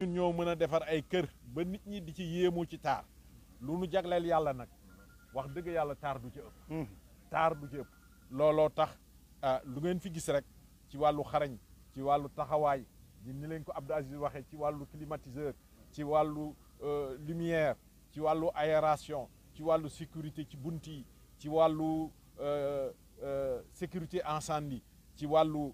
ñun ñoo mën a defar ay kër ba nit ñi di ci yéemu ci taar lu nu jagleel yàlla nag wax dëgg yàlla taar du ci ëpp hmm. taar du ci looloo tax ah, lu ngeen fi gis rek ci wàllu xarañ ci wàllu taxawaay di leen ko Abdou Aziz waxee ci wàllu climatiseur ci wàllu euh, lumière ci wàllu aération ci wàllu sécurité ci bunt yi ci wàllu euh, euh, sécurité incendie ci wàllu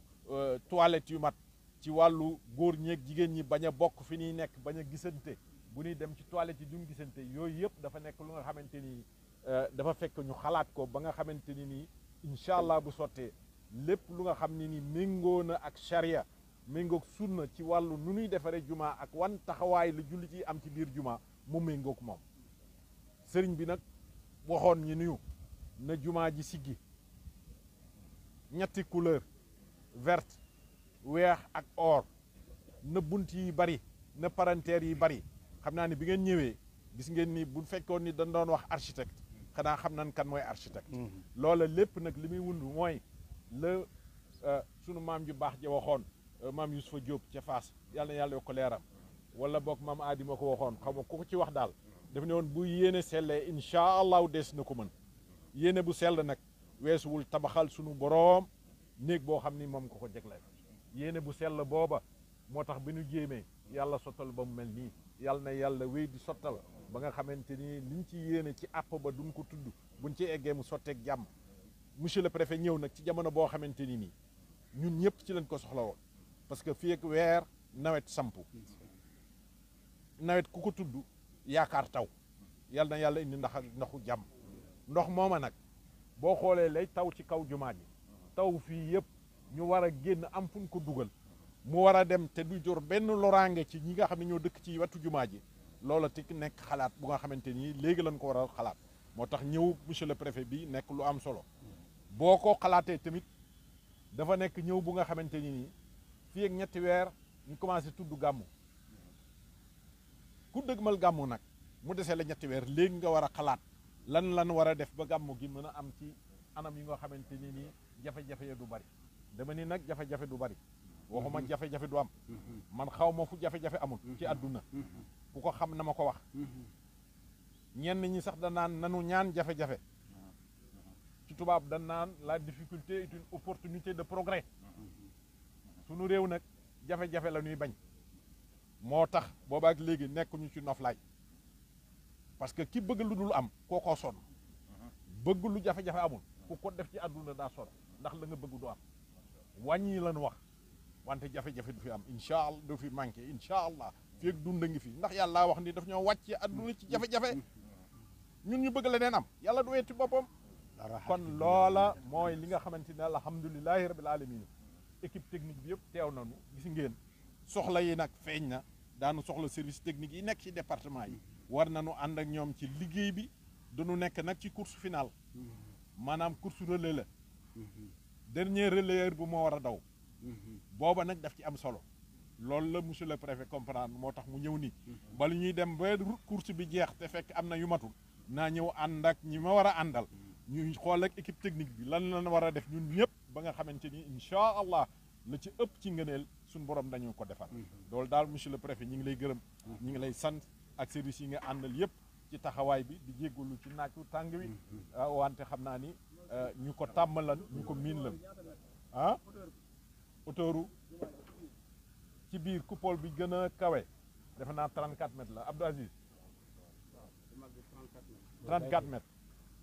toilette yu mat ci wàllu góor ñeeg jigéen ñi bañ a bokk fi ñuy nekk bañ a gisante bu ñuy dem ci toilette yi duñ gisante yooyu yëpp dafa nekk lu nga xamante ni euh, dafa fekk ñu xalaat ko ba nga xamante ni nii incha allah bu sottee lépp lu nga xam ne ni méngoo na ak charia méngoog sunna ci wàllu nu nuy defaree juma ak wan taxawaay la julli ci am ci biir juma mu méngoog moom sëriñ bi nag waxoon ñu nuyu na juma ji siggi ñetti couleur verte weex ak or na bunt yi bari na paranteer yi bari xam naa ne bi ngeen ñëwee gis ngeen ni bu fekkoon ni dañ doon wax architecte xanaa xam nan kan mooy architecte mhm. loola lépp nag li muy wund mooy la euh, sunu maam ju baax ja waxoon euh, maam Yusufa Diop ca Fass yàlla na yàlla yokk ko leeram wala boog maam Adima ko waxoon xam nga ku ko ci wax daal def ne woon bu yéene sellee incha allahu des na ko mën yéene bu sell nag weesuwul tabaxal sunu boroom néeg boo xam ni moom ko ko jagleel yéene bu sell booba moo tax bi nu jéemee yàlla sottal ba mu mel nii yàlla na yàlla wéy di sottal ba nga xamante ni liñ ci yéene ci àpp ba duñ ko tudd buñ ci eggee mu sotteeg jàmm monsieur le préfet ñëw nag ci jamono boo xamante ni nii ñun ñëpp ci lañ ko soxla woon parce que fii ak weer nawet sampu nawet ku ko tudd yaakaar taw yàlla na yàlla indi ndax ndaxu jàmm ndox mooma nag boo xoolee lay taw ci kaw jumaa ji taw fii yëpp ñu wara genn am fuñ ko dugal mu wara dem te du jor benn lorange ci ñi nga xamni ñoo dëkk ci watu nek halat loola tik nek xalaat bu nga xamanteni légui lañ ko wara xalaat motax ñew monsieur le préfet bi nek lu am solo boko xalaaté temik, tamit dafa nek ñew bu nga xamanteni ni fi ak ñetti wër ñu commencé tuddu gamu ku dëgmal gamu nak mu déssé la ñetti wër légui nga wara xalaat lan lan wara def ba gamu gi mëna am ci anam yi nga xamanteni ni jafé jafe-jafe ya bari dama ni nak jafé jafé du bari mm-hmm. waxuma jafé mm-hmm. jafé du am mm-hmm. man xawma fu jafé jafé amul ci aduna ku ko xam na mako wax ñen ñi sax da nan nanu ñaan jafé jafé ci tubab da nan la difficulté est une opportunité de progrès sunu rew nak jafé jafé la ñuy bañ motax boba ak boobaak léegi ñu ci nof noflaay parce que ki bëgg lu dul am ko ko son bëgg lu jafé jafé amul ku ko def ci aduna da sonn ndax la nga bëgg du am wañi lañ wax wante jafe-jafe du fi am inshallah du fi manké inshallah fi ak dund ngi fi ndax yalla wax ni daf ñoo wacc aduna ci jafe-jafe ñun ñu bëgg leneen am yalla du wéti bopam kon loola moy li nga xamantene Ekip teknik alamin équipe technique bi yëpp téw nañu gis ngeen soxla yi nak feñ na daanu soxla service technique yi nek ci département yi war nañu and ak ñom ci liggéey bi dañu nek nak ci course finale Manam mm-hmm. course relais la mm-hmm. dernier relayeur bu moo war a daw mhm. booba nañ daf ci am solo loolu la monsieur le préfet comprendre moo tax mu ñëw nii mhm. bala ñuy dem ba course bi jeex te fekk am na yu matul naa ñëw ànd ak ñi ma war a àndal mhm. ñuy xool ak équipe technique bi lan lan war a def ñun ñëpp ba nga xamante ni incha allah la ci ëpp ci ngëneel suñu borom dañu ko defar loolu daal monsieur le préfet ñi ngi lay gërëm ñi ngi lay sant ak service yi nga àndal yëpp ci taxawaay bi di jéggalu ci naaju tàng wi ah, wante xam naa ni ñu ko tàmmalan ñu ko miin lan ah autouru ci biir coupole bi gën a kawe defe naa 34 mètres la Abdou Aziz 34 mètres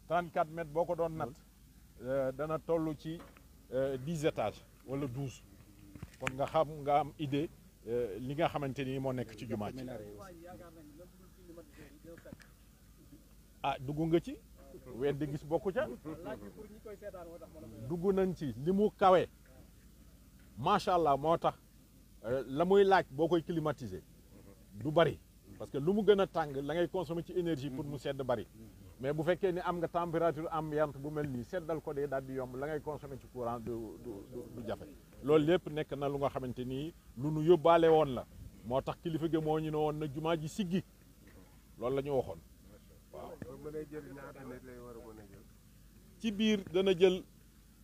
34 boo ko doon nat euh, dana toll ci 10 euh, étages wala 12 kon nga xam nga am idée euh, li nga xamante ni moo nekk ci jumaa ci ah dugg nga ci weddi gis bokku ca dugg nañ ci li mu kawe macha allah moo tax euh, la muy laaj boo koy climatiser du bari parce que lu mu gën a tàng la ngay consommer ci énergie pour mu sedd bari mais bu fekkee ni am nga température ambiante bu mel nii seddal ko dee daal di yomb la ngay consommer ci courant du du du jafe loolu yépp nekk na lu nga xamante nii lu nu yóbbaale woon la moo tax kilifa gi moo ñu ne woon na jumaa ji siggi loolu la ñu waxoon waaw ci biir dana jël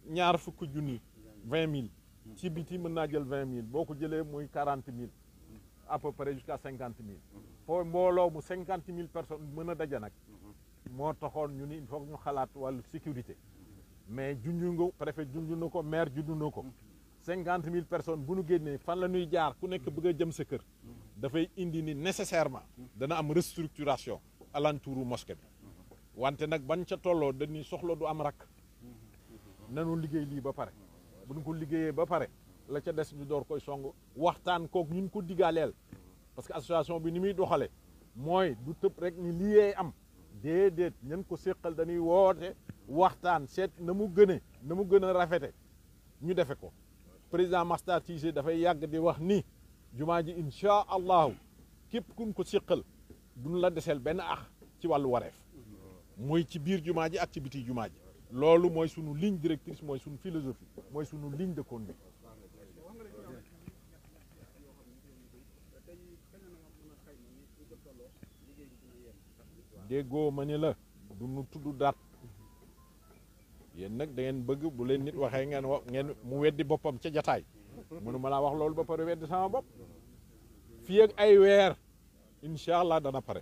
ñaar fukk junni vingt mille ci biti mën naa jël vingt mille boo ko jëlee muy quarante mille à peu près jusqu'à cinquante mille foo mbooloo mu cinquante mille personnes mën a daja nag moo toxoon ñu ni foog ñu xalaat wàllu sécurité mais junju nga préfet na ko maire junju na ko cinquante mille personnes bu nu génnee fan la ñuy jaar ku nekk bëgg a jëm sa kër dafay indi ni nécessairement dana am restructuration alentouru mosquée bi wante nag ban ca tolloo dañuy soxla du am rakk nanu liggéey lii ba pare buñ ko liggéeyee ba pare la ca des ñu door koy song waxtaan kook ñun ko digaaleel parce que association bi ni muy doxale mooy du tëb rek ni liyee am déedéet ñan ko séqal dañuy woote waxtaan seet na mu gëne na mu gën a rafete ñu defe ko président Mastar Cissé dafay yàgg di wax nii jumaa ji incha allahu képp kun ko séqal duñ la deseel benn ax ci wàllu wareef moy ci bir aktiviti ji ak ci biti jumaa ji loolu mooy sunu ligne directrice moy sunu philosophie moy sunu ligne de conduite déggoo manela du nu tuddu dat yen nak da ngeen bëgg bu leen nit waxe ngeen wax ngeen mu wéddi bopam ci jotaay mënu ma wax lolou ba paré wéddi sama bop fi ak ay weer inshallah dana paré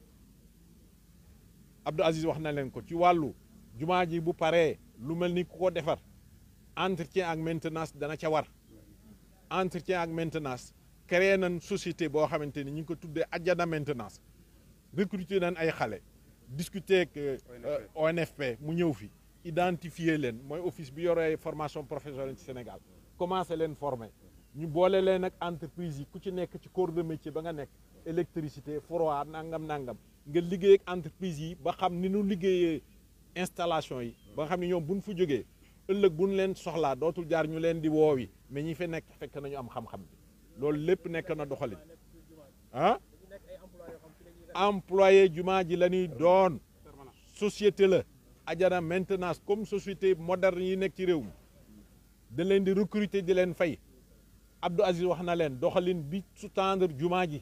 Abdou Aziz wax na leen ko ci wàllu jumaa ji bu paree lu mel ni ku ko defar entretien ak maintenance dana ca war entretien ak maintenance créé nan société boo xamante ni ñu ngi ko tuddee ajjana maintenance recruter nan ay xale discuter ak euh, ONFP mu ñëw fi identifier leen mooy office bi yore formation professionnelle ci Sénégal commencé leen former ñu boole leen ak entreprise yi ku ci nekk ci corps de métier ba nga nekk électricité froid nangam nangam nga liggéey ak entreprise yi ba xam ni nu liggéeyee installation yi ba xam ni ñoom buñ fu jógee ëllëg buñ leen soxlaa dootul jaar ñu leen di woowi mais ñi fi nekk fekk nañu am xam-xam bi loolu lépp nekk na doxalin ah employé jumaa ji la ñuy doon société la ajana maintenance comme société moderne yi nekk ci réew mi da leen di recruter di leen fay Abdou Aziz wax na leen doxalin bi su tendre jumaa ji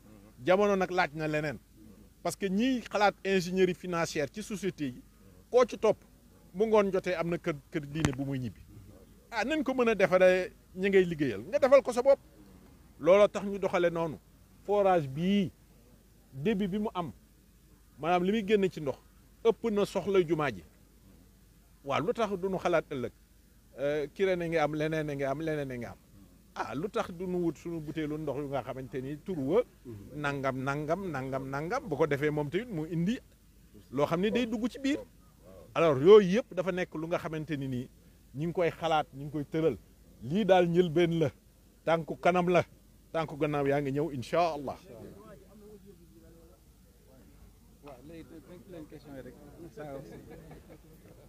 jamono nag laaj na leneen parce que ñii xalaat ingénierie financière ci société yi koo ci topp mu ngoon jotee am na kër kër diine bu muy ñibbi ah nañ ko mën a defaree ñi ngay liggéeyal nga defal ko sa bopp looloo tax ñu doxale noonu forage bii débit bi mu am maanaam li muy génn ci ndox ëpp na soxla jumaa ji waaw lu tax duñu xalaat ëllëg euh, kire ne nga am leneen ne nga am leneen ne nga am ah lu tax du nu wut suñu butéelu ndox yu nga xamante ni tur wa nangam nangam nangam nangam bu ko defee moom tamit mu indi loo xam ne day dugg ci biir alors yooyu yëpp dafa nekk lu nga xamante ni nii ñi ngi koy xalaat ñi ngi koy tëral lii daal njëlbeen la tànku kanam la tànk gannaaw yaa ngi ñëw incha allah.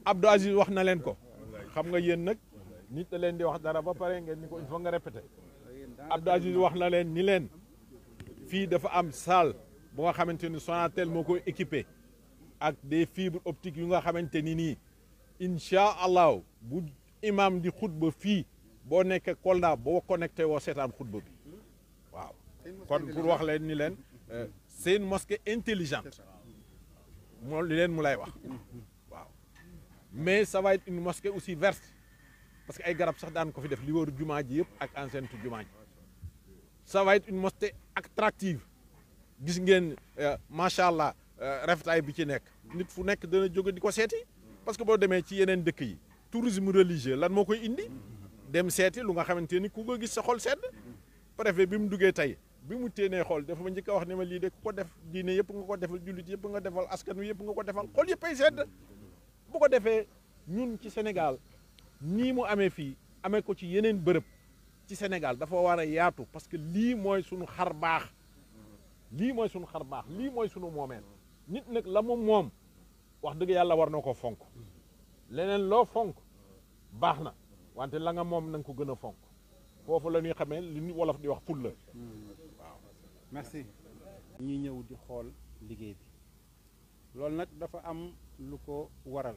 Abdou Aziz wax na leen ko xam nga yéen nag. nit da leen di wax dara ba paré ngeen ni ko il faut nga répéter Abdou Aziz wax na len ni l'en. Fi dafa am salle bo nga Sonatel moko équipé ak des fibres optiques yu nga xamanteni ni insha allah bu imam di khutba fi bo nek Kolda bo connecté wo setan khutba bi waaw kon pour wax len ni l'en, euh, c'est une mosquée intelligente mo li len mu lay wax waaw mais ça va être une mosquée aussi verte parce que ay garab sax daan ko fi def li wër jumaa ji yëpp ak enceinte jumaa ji sa va être une mosquée attractive gis ngeen euh, macha allah euh, rafetaay bi ci nekk nit fu nekk dana jóge di ko seeti parce que boo demee ci yeneen dëkk yi tourisme religieux lan moo koy indi dem seeti lu nga xamante ni ku ko gis sa xol sedd préfet bi mu duggee tey bi mu teenee xool dafa ma njëkk wax ne ma lii de ku ko def diine yëpp nga ko defal jullit yëpp nga defal askan wi yëpp nga ko defal xol yëpp ay sedd ko defee ñun ci Sénégal nii mu amee fii amee ko ci yeneen bërëb ci Sénégal dafa war a yaatu parce que lii mooy sunu xar baax lii mooy sunu xar baax lii mooy sunu moomeel nit nag la mu moom wax dëgg yàlla war na ko fonk leneen loo fonk baax na wante la nga moom na ko gën a fonk foofu la ñuy xamee li wolof di wax ful la waaw merci ñi ñëw di xool liggéey bi loolu nag dafa am lu ko waral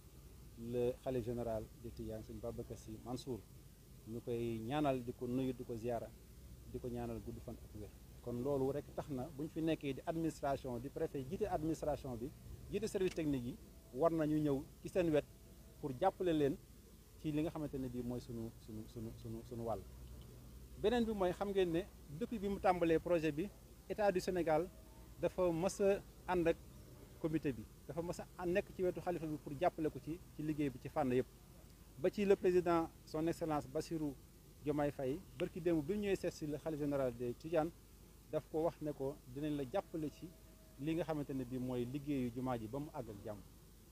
le xale général de Tidiane sëñ Babacar Sy Mansour ñu koy ñaanal di ko nuyu di ko ziara di ko ñaanal gudd fan ak wér kon loolu rek tax na bu ñu fi nekkee di administration di préfet jiite administration bi jiite service technique yi war nañu ñëw ci seen wet pour jàppale leen ci li nga xamante ne bii mooy sunu sunu sunu sunu sunu wàll beneen bi mooy xam ngeen ne depuis bi mu tàmbalee projet bi état du Sénégal dafa mës a ànd ak comité bi dafa mas a nekk ci wetu xalifa bi pour jàppale ko ci ci liggéey bi ci fànn yëpp ba ci la président son excellence Bassirou Diomaye Faye barki démb bi ñëwee seet si le xalifa général des Tidianes daf ko wax ne ko dinañ la jàppale ci li nga xamante ne bii mooy liggéeyu jumaa ji ba mu àgg ak jàmm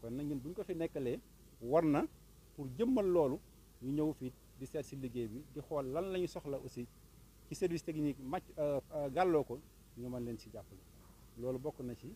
kon nag ñun bu ko fi nekkalee war na pour jëmmal loolu ñu ñëw fii di seet si liggéey bi di xool lan la ñu soxla aussi ci service technique màcc euh, euh, gàlloo ko ñu mën leen si jàppale loolu bokk na ci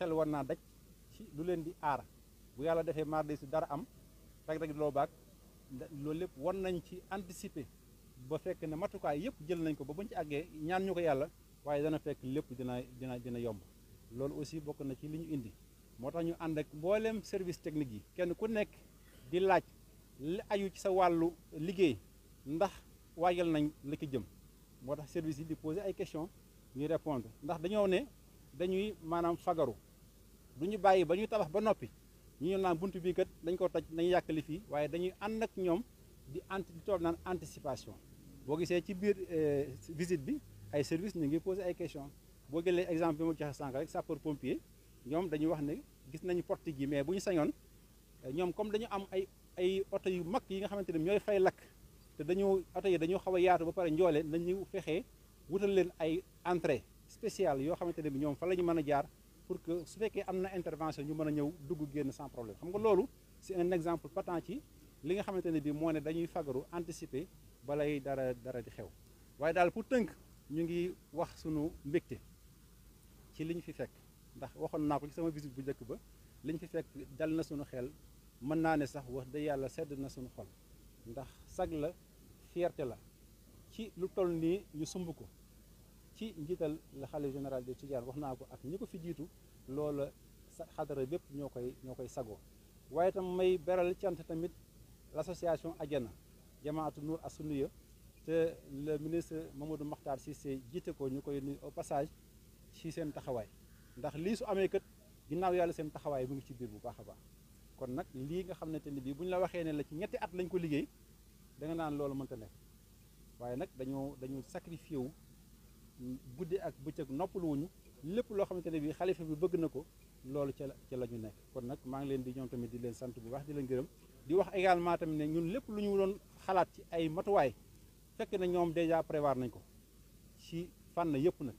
xel war naa daj ci lu leen di aar bu yàlla defee mardi su dara am rek rek loo baag loolu lépp war nañ ci anticiper ba fekk ne matukaay yëpp jël nañ ko ba buñ ci àggee ñaan ñu ko yàlla waaye dana fekk lépp dina dina dina yomb loolu aussi bokk na ci li ñu indi moo tax ñu ànd ak mboolem service technique yi kenn ku nekk di laaj li ayu ci sa wàllu liggéey ndax waajal nañ li ci jëm moo tax service yi di poser ay questions ñuy répondre ndax dañoo ne dañuy maanaam fagaru lu ñu bàyyi ba ñu tabax ba noppi ñu naan bunt bii kat dañ ko taj nañu yàqali fii waaye dañuy ànd ak ñoom di anti di toog naan anticipation boo gisee ci biir euh, visite bi ay service ñu ngi posé ay questions boo jëlee exemple bi ma joxe sànq rek sapeur pompier ñoom dañuy wax ne gis nañu portique yi mais bu ñu sañoon euh, ñoom comme dañu am ay ay oto yu mag yi nga xamante ne ñooy fay lakk te dañoo oto yi dañoo xaw a yaatu ba pare njoole nañu fexee wutal leen ay entrée spéciale yoo xamante ne bi ñoom fa la ñu mën a jaar pour que su fekkee am na intervention ñu mën a ñëw dugg génn sans problème xam nga loolu c'est un exemple patant ci li nga xamante ne bii moo ne dañuy fagaru anticiper balay dara dara di xew waaye daal pour tënk ñu ngi wax sunu mbégte ci li ñu fi fekk ndax waxoon naa ko ci sama visite bu njëkk ba li ñu fi fekk dal na sunu xel mën naa ne sax wax dë yàlla sedd na sunu xol ndax sag la fierte la ci lu toll nii ñu sumb ko ci njiital la xale général de Tidiane wax naa ko ak ñi fi jiitu loola sa xadara bépp ñoo koy ñoo koy sagoo waaye tam may beral cant tamit l'association Adiana jamaatu Nour As-Sunniya te la ministre Mamadou Makhtar Cissé jiite ko ñu koy nuyu au passage ci seen taxawaay ndax lii su amee kët ginnaaw yàlla seen taxawaay mu ngi ci biir bu baax a baax kon nag lii nga xam ne te ni bii buñ la waxee ne la ci ñetti at lañ ko liggéey danga nga naan loolu mënta nekk waaye nag dañoo dañu sacrifié wu guddi ak bëccëg noppaluwuñu lépp loo xamante ne bii xalifa bi bëgg na ko loolu ca la ca la ñu nekk kon nag maa ngi leen di ñoom tamit di leen sant bu wax di leen gërëm di wax également tamit ne ñun lépp lu ñu doon xalaat ci ay matuwaay fekk na ñoom déjà prévoir nañ ko ci fànn yëpp nag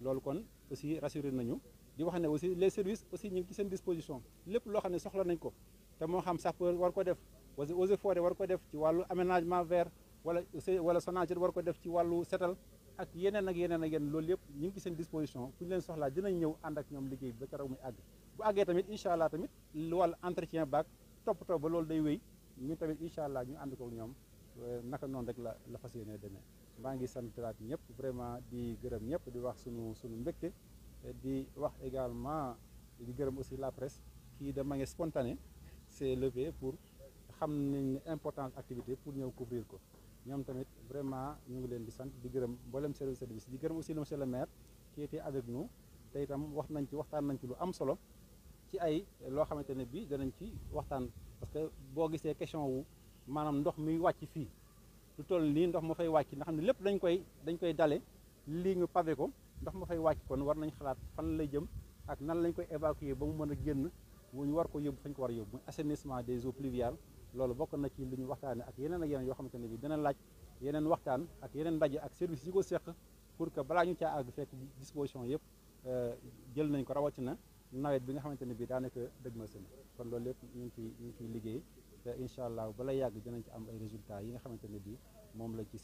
loolu kon aussi rassuré nañu di wax ne aussi les service aussi ñu ngi ci seen disposition lépp loo xam ne soxla nañ ko te moo xam sapeur war ko def wala eaux et forêt war ko def ci wàllu aménagement vert wala wala Sonaged war ko def ci wàllu setal ak yeneen ak yeneen ak yeneen loolu yëpp ñu ngi ci seen disposition fu leen soxla dinañ ñëw ànd ak ñoom liggéey ba keroog muy àgg bu àggee tamit incha allah tamit wàllu entretien baak toppatoo ba loolu day wéy ñu tamit incha allah ñu ànd ko ñoom euh, naka noonu rek la la fas yéene demee maa ngi santaat ñëpp vraiment di gërëm ñëpp di wax sunu sunu mbégte di wax également di gërëm aussi la presse qui de manière spontanée s'est levé pour xam nañ ne importance activité pour ñëw couvrir ko ñoom tamit vraiment ñu ngi leen di sant di gërëm mboolem service service di gërëm aussi le monsieur le maire qui était avec nous tay tam wax nañ ci waxtaan nañ ci lu am solo ci ay lo xamantene bi dañ danañ ci waxtaan parce que bo gisee question wu manam ndox mi wacc fi du toll ni ndox ma fay wacc ndax xam ne dañ koy dañ koy dalé li ñu pavé ko ndox ma fay wacc kon war nañ xalaat fan lay jëm ak nan lañ koy évacuer ba mu mën a génn wu war ko yóbbu fañ ko war a yóbbu assainissement des eaux pluviales loolu bokk na ci li ñu waxtaane ak yeneen ak yeneen yoo xamante ne bi dina laaj yeneen waxtaan ak yeneen ndaje ak service yi ko seq pour que balaa ñu caa àgg fekk disposition yëpp euh, jël nañ ko rawatina nawet bi nga xamante ne bii daanaka dëgg ma seen kon loolu lépp ñu ngi ciy ñu ngi ciy liggéey te incha allah bala yàgg dinañ ci am ay résultats yi nga xamante ne bii moom lañ ci